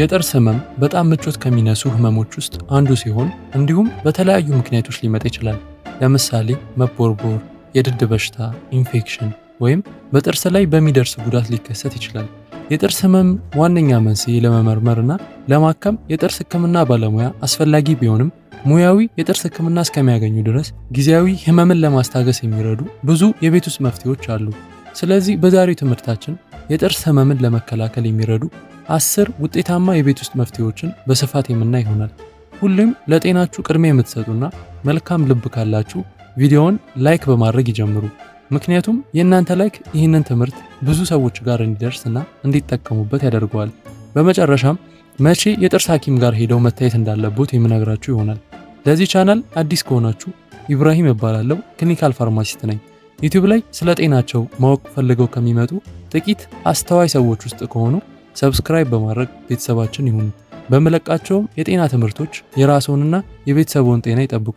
የጥርስ ህመም በጣም ምቾት ከሚነሱ ህመሞች ውስጥ አንዱ ሲሆን እንዲሁም በተለያዩ ምክንያቶች ሊመጣ ይችላል። ለምሳሌ መቦርቦር፣ የድድ በሽታ፣ ኢንፌክሽን ወይም በጥርስ ላይ በሚደርስ ጉዳት ሊከሰት ይችላል። የጥርስ ህመም ዋነኛ መንስኤ ለመመርመርና ለማከም የጥርስ ህክምና ባለሙያ አስፈላጊ ቢሆንም ሙያዊ የጥርስ ህክምና እስከሚያገኙ ድረስ ጊዜያዊ ህመምን ለማስታገስ የሚረዱ ብዙ የቤት ውስጥ መፍትሄዎች አሉ። ስለዚህ በዛሬው ትምህርታችን የጥርስ ህመምን ለመከላከል የሚረዱ አስር ውጤታማ የቤት ውስጥ መፍትሄዎችን በስፋት የምናይ ይሆናል። ሁሌም ለጤናችሁ ቅድሚያ የምትሰጡና መልካም ልብ ካላችሁ ቪዲዮውን ላይክ በማድረግ ይጀምሩ። ምክንያቱም የእናንተ ላይክ ይህንን ትምህርት ብዙ ሰዎች ጋር እንዲደርስና እንዲጠቀሙበት ያደርገዋል። በመጨረሻም መቼ የጥርስ ሐኪም ጋር ሄደው መታየት እንዳለቦት የምነግራችሁ ይሆናል። ለዚህ ቻናል አዲስ ከሆናችሁ ኢብራሂም እባላለሁ፣ ክሊኒካል ፋርማሲስት ነኝ። ዩቲዩብ ላይ ስለ ጤናቸው ማወቅ ፈልገው ከሚመጡ ጥቂት አስተዋይ ሰዎች ውስጥ ከሆኑ ሰብስክራይብ በማድረግ ቤተሰባችን ይሁኑ። በመለቃቸውም የጤና ትምህርቶች የራስዎንና የቤተሰቦን ጤና ይጠብቁ።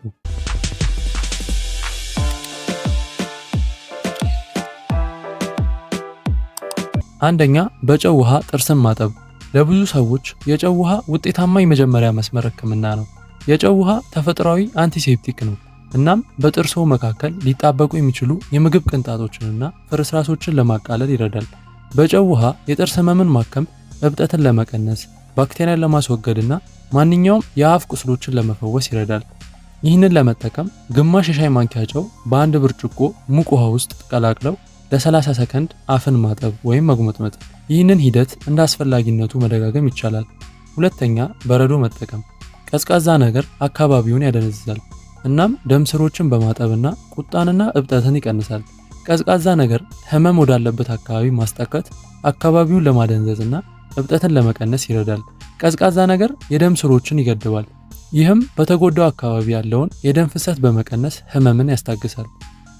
አንደኛ፣ በጨው ውሃ ጥርስን ማጠብ። ለብዙ ሰዎች የጨው ውሃ ውጤታማ የመጀመሪያ መስመር ህክምና ነው። የጨው ውሃ ተፈጥሯዊ አንቲሴፕቲክ ነው። እናም በጥርሶ መካከል ሊጣበቁ የሚችሉ የምግብ ቅንጣቶችንና ፍርስራሶችን ለማቃለል ይረዳል። በጨው ውሃ የጥርስ ህመምን ማከም፣ እብጠትን ለመቀነስ፣ ባክቴሪያን ለማስወገድና ማንኛውም የአፍ ቁስሎችን ለመፈወስ ይረዳል። ይህንን ለመጠቀም ግማሽ የሻይ ማንኪያ ጨው በአንድ ብርጭቆ ሙቅ ውሃ ውስጥ ቀላቅለው ለ30 ሰከንድ አፍን ማጠብ ወይም መጉመጥመጥ። ይህንን ሂደት እንደ አስፈላጊነቱ መደጋገም ይቻላል። ሁለተኛ፣ በረዶ መጠቀም። ቀዝቃዛ ነገር አካባቢውን ያደነዝዛል። እናም ደም ስሮችን በማጠብና ቁጣንና እብጠትን ይቀንሳል። ቀዝቃዛ ነገር ህመም ወዳለበት አካባቢ ማስጠከት አካባቢውን ለማደንዘዝና እብጠትን ለመቀነስ ይረዳል። ቀዝቃዛ ነገር የደም ስሮችን ይገድባል። ይህም በተጎዳው አካባቢ ያለውን የደም ፍሰት በመቀነስ ህመምን ያስታግሳል።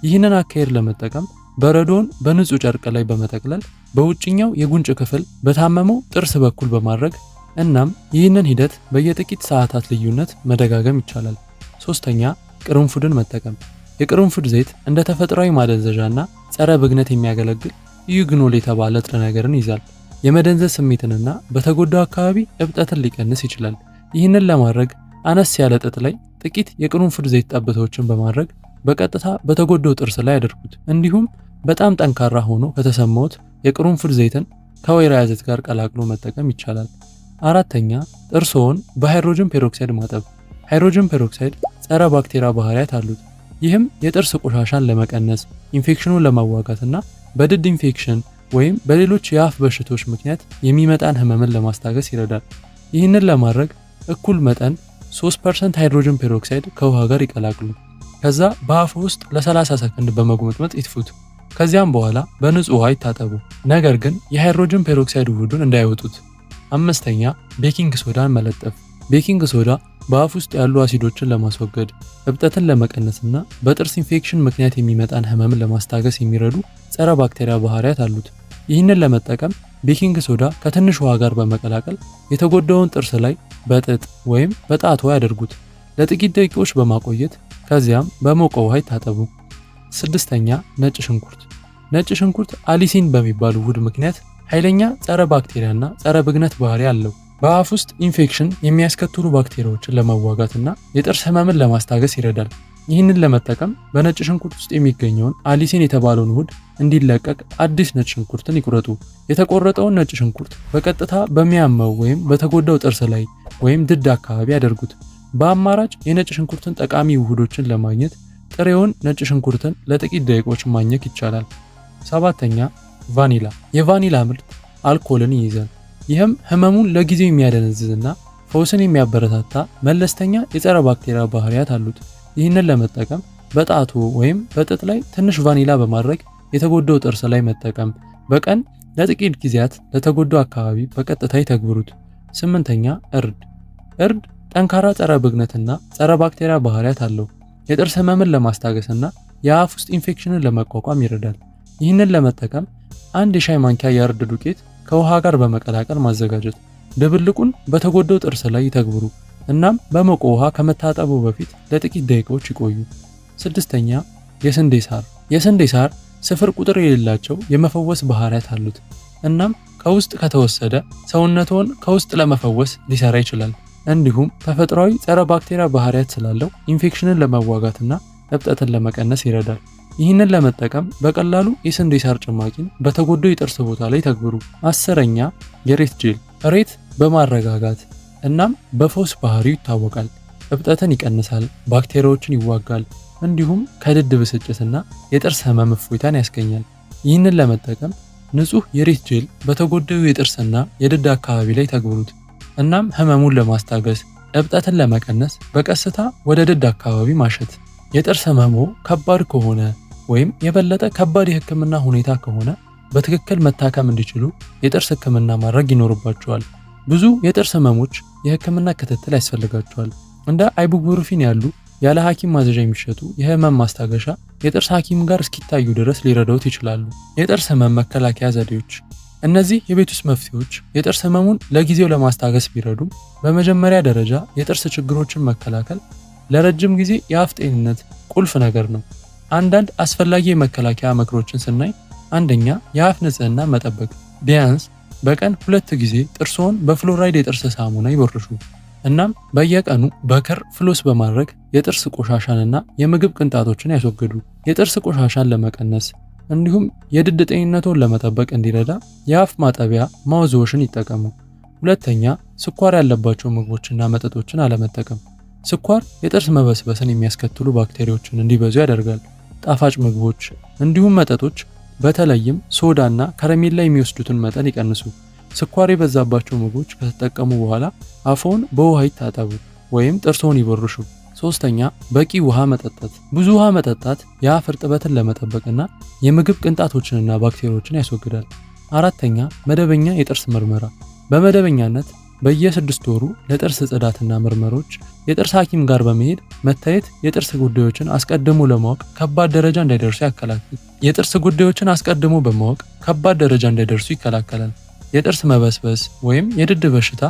ይህንን አካሄድ ለመጠቀም በረዶን በንጹህ ጨርቅ ላይ በመጠቅለል በውጭኛው የጉንጭ ክፍል በታመመው ጥርስ በኩል በማድረግ እናም ይህንን ሂደት በየጥቂት ሰዓታት ልዩነት መደጋገም ይቻላል። ሶስተኛ ቅርንፉድን መጠቀም የቅርንፉድ ዘይት እንደ ተፈጥሯዊ ማደንዘዣና ጸረ ብግነት የሚያገለግል ዩግኖል የተባለ ንጥረ ነገርን ይዛል። የመደንዘዝ ስሜትንና በተጎዳው አካባቢ እብጠትን ሊቀንስ ይችላል። ይህንን ለማድረግ አነስ ያለ ጥጥ ላይ ጥቂት የቅርንፉድ ዘይት ጠብታዎችን በማድረግ በቀጥታ በተጎዳው ጥርስ ላይ ያደርጉት። እንዲሁም በጣም ጠንካራ ሆኖ ከተሰማዎት የቅርንፉድ ዘይትን ከወይራ ዘይት ጋር ቀላቅሎ መጠቀም ይቻላል። አራተኛ ጥርስዎን በሃይድሮጅን ፔሮክሳይድ ማጠብ። ሃይድሮጅን ፔሮክሳይድ ጸረ ባክቴሪያ ባህሪያት አሉት። ይህም የጥርስ ቆሻሻን ለመቀነስ፣ ኢንፌክሽኑን ለማዋጋትና በድድ ኢንፌክሽን ወይም በሌሎች የአፍ በሽቶች ምክንያት የሚመጣን ህመምን ለማስታገስ ይረዳል። ይህንን ለማድረግ እኩል መጠን 3% ሃይድሮጅን ፔሮክሳይድ ከውሃ ጋር ይቀላቅሉ። ከዛ በአፍ ውስጥ ለ30 ሰከንድ በመጉመጥመጥ ይትፉት። ከዚያም በኋላ በንጹህ ውሃ ይታጠቡ፣ ነገር ግን የሃይድሮጅን ፔሮክሳይድ ውህዱን እንዳይወጡት። አምስተኛ ቤኪንግ ሶዳን መለጠፍ። ቤኪንግ ሶዳ በአፍ ውስጥ ያሉ አሲዶችን ለማስወገድ እብጠትን ለመቀነስና በጥርስ ኢንፌክሽን ምክንያት የሚመጣን ህመምን ለማስታገስ የሚረዱ ጸረ ባክቴሪያ ባህሪያት አሉት። ይህንን ለመጠቀም ቤኪንግ ሶዳ ከትንሽ ውሃ ጋር በመቀላቀል የተጎዳውን ጥርስ ላይ በጥጥ ወይም በጣቶ ያደርጉት። ለጥቂት ደቂቃዎች በማቆየት ከዚያም በሞቀ ውሃ ይታጠቡ። ስድስተኛ ነጭ ሽንኩርት። ነጭ ሽንኩርት አሊሲን በሚባል ውህድ ምክንያት ኃይለኛ ጸረ ባክቴሪያና ጸረ ብግነት ባህሪ አለው። በአፍ ውስጥ ኢንፌክሽን የሚያስከትሉ ባክቴሪያዎችን እና የጥርስ ህመምን ለማስታገስ ይረዳል። ይህንን ለመጠቀም በነጭ ሽንኩርት ውስጥ የሚገኘውን አሊሴን የተባለውን ውህድ እንዲለቀቅ አዲስ ነጭ ሽንኩርትን ይቁረጡ። የተቆረጠውን ነጭ ሽንኩርት በቀጥታ በሚያመው ወይም በተጎዳው ጥርስ ላይ ወይም ድድ አካባቢ ያደርጉት። በአማራጭ የነጭ ሽንኩርትን ጠቃሚ ውህዶችን ለማግኘት ጥሬውን ነጭ ሽንኩርትን ለጥቂት ደቂቆች ማኘክ ይቻላል። ሰባተኛ ቫኒላ። የቫኒላ ምርት አልኮልን ይይዛል። ይህም ህመሙን ለጊዜው የሚያደነዝዝና ፈውስን የሚያበረታታ መለስተኛ የጸረ ባክቴሪያ ባህሪያት አሉት። ይህንን ለመጠቀም በጣቱ ወይም በጥጥ ላይ ትንሽ ቫኒላ በማድረግ የተጎዳው ጥርስ ላይ መጠቀም በቀን ለጥቂት ጊዜያት ለተጎዳው አካባቢ በቀጥታ ይተግብሩት። ስምንተኛ እርድ። እርድ ጠንካራ ጸረ ብግነትና ጸረ ባክቴሪያ ባህሪያት አለው። የጥርስ ህመምን ለማስታገስና የአፍ ውስጥ ኢንፌክሽንን ለመቋቋም ይረዳል። ይህንን ለመጠቀም አንድ የሻይ ማንኪያ የእርድ ዱቄት ከውሃ ጋር በመቀላቀል ማዘጋጀት። ድብልቁን በተጎዳው ጥርስ ላይ ይተግብሩ። እናም በሞቀ ውሃ ከመታጠቡ በፊት ለጥቂት ደቂቃዎች ይቆዩ። ስድስተኛ የስንዴ ሳር። የስንዴ ሳር ስፍር ቁጥር የሌላቸው የመፈወስ ባህሪያት አሉት። እናም ከውስጥ ከተወሰደ ሰውነትዎን ከውስጥ ለመፈወስ ሊሰራ ይችላል። እንዲሁም ተፈጥሯዊ ጸረ ባክቴሪያ ባህሪያት ስላለው ኢንፌክሽንን ለመዋጋትና እብጠትን ለመቀነስ ይረዳል። ይህንን ለመጠቀም በቀላሉ የስንዴ ሳር ጭማቂን በተጎዳው የጥርስ ቦታ ላይ ተግብሩ። አስረኛ የሬት ጄል። ሬት በማረጋጋት እናም በፈውስ ባህሪው ይታወቃል። እብጠትን ይቀንሳል፣ ባክቴሪያዎችን ይዋጋል፣ እንዲሁም ከድድ ብስጭትና የጥርስ ህመም እፎይታን ያስገኛል። ይህንን ለመጠቀም ንጹህ የሬት ጄል በተጎዳዩ የጥርስና የድድ አካባቢ ላይ ተግብሩት። እናም ህመሙን ለማስታገስ እብጠትን ለመቀነስ በቀስታ ወደ ድድ አካባቢ ማሸት። የጥርስ ህመሙ ከባድ ከሆነ ወይም የበለጠ ከባድ የህክምና ሁኔታ ከሆነ በትክክል መታከም እንዲችሉ የጥርስ ህክምና ማድረግ ይኖርባቸዋል። ብዙ የጥርስ ህመሞች የህክምና ክትትል ያስፈልጋቸዋል። እንደ አይቡፕሮፊን ያሉ ያለ ሐኪም ማዘዣ የሚሸጡ የህመም ማስታገሻ የጥርስ ሐኪም ጋር እስኪታዩ ድረስ ሊረዳውት ይችላሉ። የጥርስ ህመም መከላከያ ዘዴዎች። እነዚህ የቤት ውስጥ መፍትሄዎች የጥርስ ህመሙን ለጊዜው ለማስታገስ ቢረዱም በመጀመሪያ ደረጃ የጥርስ ችግሮችን መከላከል ለረጅም ጊዜ የአፍ ጤንነት ቁልፍ ነገር ነው። አንዳንድ አስፈላጊ የመከላከያ ምክሮችን ስናይ፣ አንደኛ የአፍ ንጽህና መጠበቅ፣ ቢያንስ በቀን ሁለት ጊዜ ጥርስዎን በፍሎራይድ የጥርስ ሳሙና ይቦርሹ። እናም በየቀኑ በክር ፍሎስ በማድረግ የጥርስ ቆሻሻንና የምግብ ቅንጣቶችን ያስወግዱ። የጥርስ ቆሻሻን ለመቀነስ እንዲሁም የድድ ጤንነቶን ለመጠበቅ እንዲረዳ የአፍ ማጠቢያ ማውዝ ይጠቀሙ። ሁለተኛ ስኳር ያለባቸው ምግቦችና መጠጦችን አለመጠቀም። ስኳር የጥርስ መበስበስን የሚያስከትሉ ባክቴሪዎችን እንዲበዙ ያደርጋል። ጣፋጭ ምግቦች እንዲሁም መጠጦች በተለይም ሶዳና ከረሜላ የሚወስዱትን መጠን ይቀንሱ። ስኳር የበዛባቸው ምግቦች ከተጠቀሙ በኋላ አፎን በውሃ ይታጠቡ ወይም ጥርሶን ይበርሹ ሶስተኛ በቂ ውሃ መጠጣት። ብዙ ውሃ መጠጣት የአፍ እርጥበትን ለመጠበቅና የምግብ ቅንጣቶችንና ባክቴሪያዎችን ያስወግዳል። አራተኛ መደበኛ የጥርስ ምርመራ። በመደበኛነት በየስድስት ወሩ ለጥርስ ጽዳትና ምርመሮች የጥርስ ሐኪም ጋር በመሄድ መታየት የጥርስ ጉዳዮችን አስቀድሞ ለማወቅ ከባድ ደረጃ እንዳይደርሱ ያከላክል የጥርስ ጉዳዮችን አስቀድሞ በማወቅ ከባድ ደረጃ እንዳይደርሱ ይከላከላል። የጥርስ መበስበስ ወይም የድድ በሽታ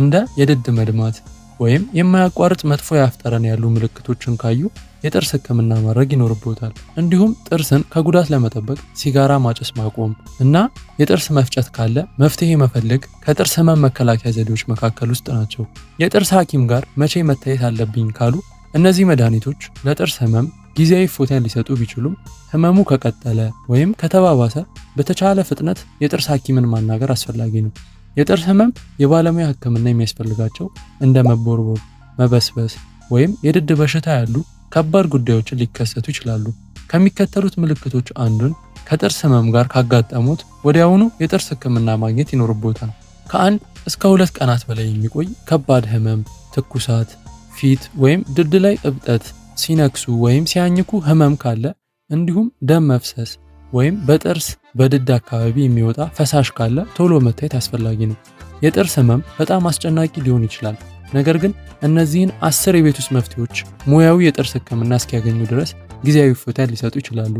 እንደ የድድ መድማት ወይም የማያቋርጥ መጥፎ የአፍ ጠረን ያሉ ምልክቶችን ካዩ የጥርስ ህክምና ማድረግ ይኖርቦታል። እንዲሁም ጥርስን ከጉዳት ለመጠበቅ ሲጋራ ማጨስ ማቆም እና የጥርስ መፍጨት ካለ መፍትሄ መፈለግ ከጥርስ ህመም መከላከያ ዘዴዎች መካከል ውስጥ ናቸው። የጥርስ ሐኪም ጋር መቼ መታየት አለብኝ ካሉ እነዚህ መድኃኒቶች ለጥርስ ህመም ጊዜያዊ እፎይታን ሊሰጡ ቢችሉም ህመሙ ከቀጠለ ወይም ከተባባሰ በተቻለ ፍጥነት የጥርስ ሐኪምን ማናገር አስፈላጊ ነው። የጥርስ ህመም የባለሙያ ህክምና የሚያስፈልጋቸው እንደ መቦርቦር፣ መበስበስ ወይም የድድ በሽታ ያሉ ከባድ ጉዳዮችን ሊከሰቱ ይችላሉ። ከሚከተሉት ምልክቶች አንዱን ከጥርስ ህመም ጋር ካጋጠሙት ወዲያውኑ የጥርስ ህክምና ማግኘት ይኖርቦታል። ከአንድ እስከ ሁለት ቀናት በላይ የሚቆይ ከባድ ህመም፣ ትኩሳት፣ ፊት ወይም ድድ ላይ እብጠት፣ ሲነክሱ ወይም ሲያኝኩ ህመም ካለ እንዲሁም ደም መፍሰስ ወይም በጥርስ በድድ አካባቢ የሚወጣ ፈሳሽ ካለ ቶሎ መታየት አስፈላጊ ነው። የጥርስ ህመም በጣም አስጨናቂ ሊሆን ይችላል። ነገር ግን እነዚህን አስር የቤት ውስጥ መፍትሄዎች ሙያዊ የጥርስ ህክምና እስኪያገኙ ድረስ ጊዜያዊ እፎይታ ሊሰጡ ይችላሉ።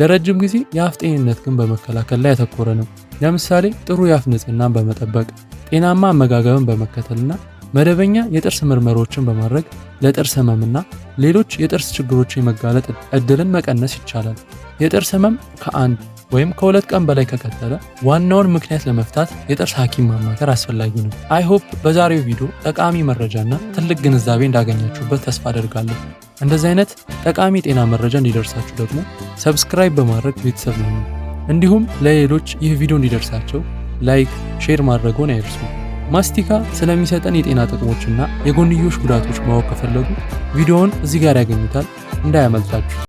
ለረጅም ጊዜ የአፍ ጤንነት ግን በመከላከል ላይ ያተኮረ ነው። ለምሳሌ ጥሩ የአፍ ንጽህናን በመጠበቅ ጤናማ አመጋገብን በመከተልና መደበኛ የጥርስ ምርመራዎችን በማድረግ ለጥርስ ህመምና ሌሎች የጥርስ ችግሮች የመጋለጥ እድልን መቀነስ ይቻላል። የጥርስ ህመም ከአንድ ወይም ከሁለት ቀን በላይ ከቀጠለ ዋናውን ምክንያት ለመፍታት የጥርስ ሐኪም ማማከር አስፈላጊ ነው። አይሆፕ በዛሬው ቪዲዮ ጠቃሚ መረጃና ትልቅ ግንዛቤ እንዳገኛችሁበት ተስፋ አደርጋለሁ። እንደዚህ አይነት ጠቃሚ ጤና መረጃ እንዲደርሳችሁ ደግሞ ሰብስክራይብ በማድረግ ቤተሰብ ነው። እንዲሁም ለሌሎች ይህ ቪዲዮ እንዲደርሳቸው ላይክ፣ ሼር ማድረጉን አይርሱ። ማስቲካ ስለሚሰጠን የጤና ጥቅሞችና የጎንዮሽ ጉዳቶች ማወቅ ከፈለጉ ቪዲዮውን እዚህ ጋር ያገኙታል፣ እንዳያመልጣችሁ።